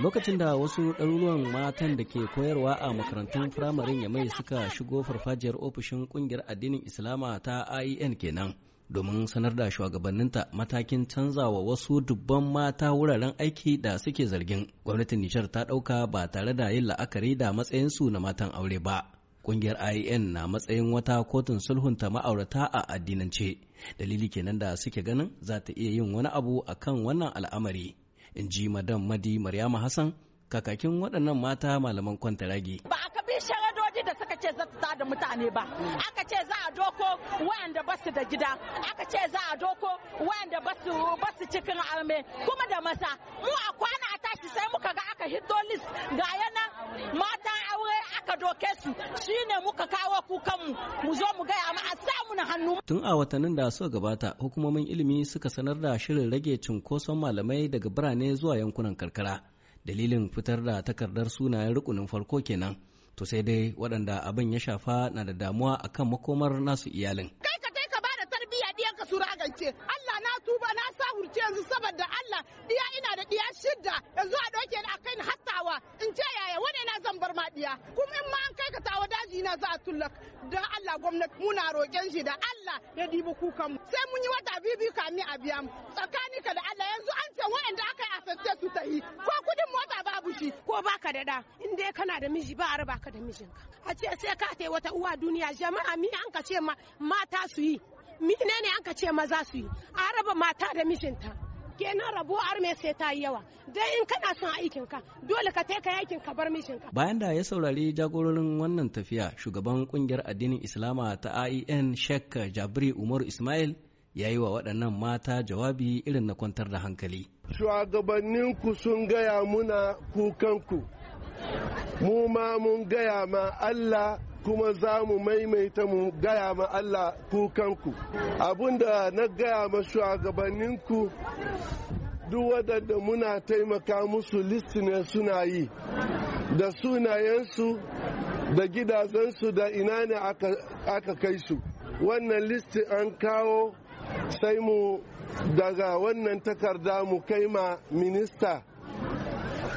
Lokacin da wasu ɗaruruwan matan da ke koyarwa a makarantun firamarin Yamai suka shigo farfajiyar ofishin ƙungiyar addinin Islama ta IEN kenan. domin sanar da shugabanninta matakin canzawa wasu dubban mata wuraren aiki da suke zargin gwamnatin Nijar ta ɗauka ba tare da yin la'akari da matsayinsu na matan aure ba. kungiyar IAN na matsayin wata kotun sulhunta ma'aurata a addinance, dalili kenan da suke ganin za ta iya yin wani abu a kan wannan al'amari, in ji Madam Madi Maryama Hassan, kakakin waɗannan mata malaman kwantaragi. Ba a bi sharadoji da suka ce za ta da mutane ba, aka ce za a doko wayanda ba su da gida, aka ce za a doko wayanda ba su cikin arme, kuma da masa mu a kwana a tashi sai muka ga aka hito list ga yana matan aure aka doke su shine muka kawo kukanmu mu zo mu gaya ma a samu na hannu. Tun a watannin da suka gabata hukumomin ilimi suka sanar da shirin rage cunkoson malamai daga birane zuwa yankunan karkara. Dalilin fitar da takardar sunayen rukunin farko kenan. To sai dai waɗanda abin ya shafa na da damuwa akan makomar nasu iyalin. Kai ka kai ka ba da tarbiyya ka su ragance. Allah na tuba na sa yanzu saboda Allah ɗiya ina da ɗiya shidda yanzu a ɗauke ni a diya kuma in ma an kai ka tawa daji na za a tullak don Allah gwamnati muna roƙen shi da Allah ya dibi kukan mu sai mun yi wata bibi ka mi a biya mu tsakani ka da Allah yanzu an ce waɗanda aka yi asirce su tahi ko kudin mota babu shi ko baka da da in dai kana da miji ba a baka ka da ka. a ce sai ka tai wata uwa duniya jama'a mi an ka ce mata su yi mi ne an ka ce maza su yi a mata da mijinta kenan rabu mai sai ta yi yawa dai in kana son aikin ka dole ka taika yakin ka bar mishin ka bayan da ya saurari jagororin wannan tafiya shugaban kungiyar addinin islama ta IEN Sheikh Jabri Umar Ismail ya yi wa waɗannan mata jawabi irin na kwantar da hankali. ku sun gaya muna kukanku, mu ma mun gaya ma Allah kuma za mu maimaita mu gaya ma Allah kukanku abinda na gaya ma shugabanninku duk waɗanda muna taimaka musu ne suna yi da sunayensu da gidazensu da ina ne aka kai su wannan listin an kawo sai mu daga wannan takarda mu kai ma minista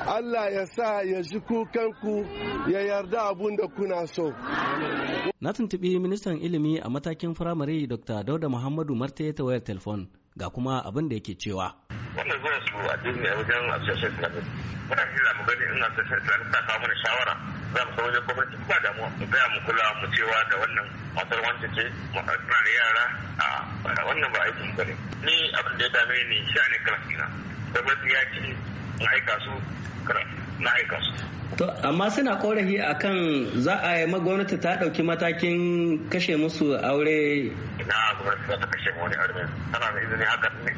Allah ya sa ya ji kukanku ya yarda abun da kuna so. Na tuntubi ministan ilimi a matakin firamare Dr. Dauda Muhammadu Marte ta wayar telefon ga kuma abin da yake cewa. Wannan zuwa su a duniya wajen asashen islamic. Muna hira mu gani in asashen islamic ta kawo mana shawara za mu kawo wajen gwamnati ba damuwa mu gaya mu kula mu cewa da wannan matar wancan ce mu da yara a wannan ba aikin bane. Ni abin da ya dame ni sha ne kalasina. gwamnati ya ce na aika su na aika su To, amma suna korafi a kan za a yi gwamnati ta ɗauki matakin kashe musu aure. Na gwamnati za ta kashe wani aure tana da izini haka ne.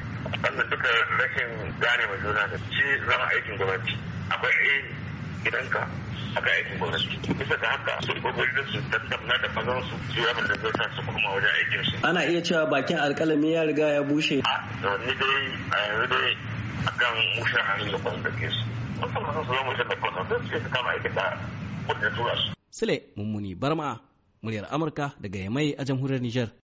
wanda duka rashin gane mai juna da ci zama aikin gwamnati. Akwai a gidanka akwai aikin gwamnati. Bisa ga haka su gwamnati su tattauna da mazan su su yi da zai sa su koma wajen aikin su. Ana iya cewa bakin alkalami ya riga ya bushe. A, ni dai a yanzu dai a kan mushen da ke su musamman su zama mushen da kwanza sai su kama aikata kudin tura su. sule mummuni barma muryar amurka daga yamai a jamhuriyar Nijar.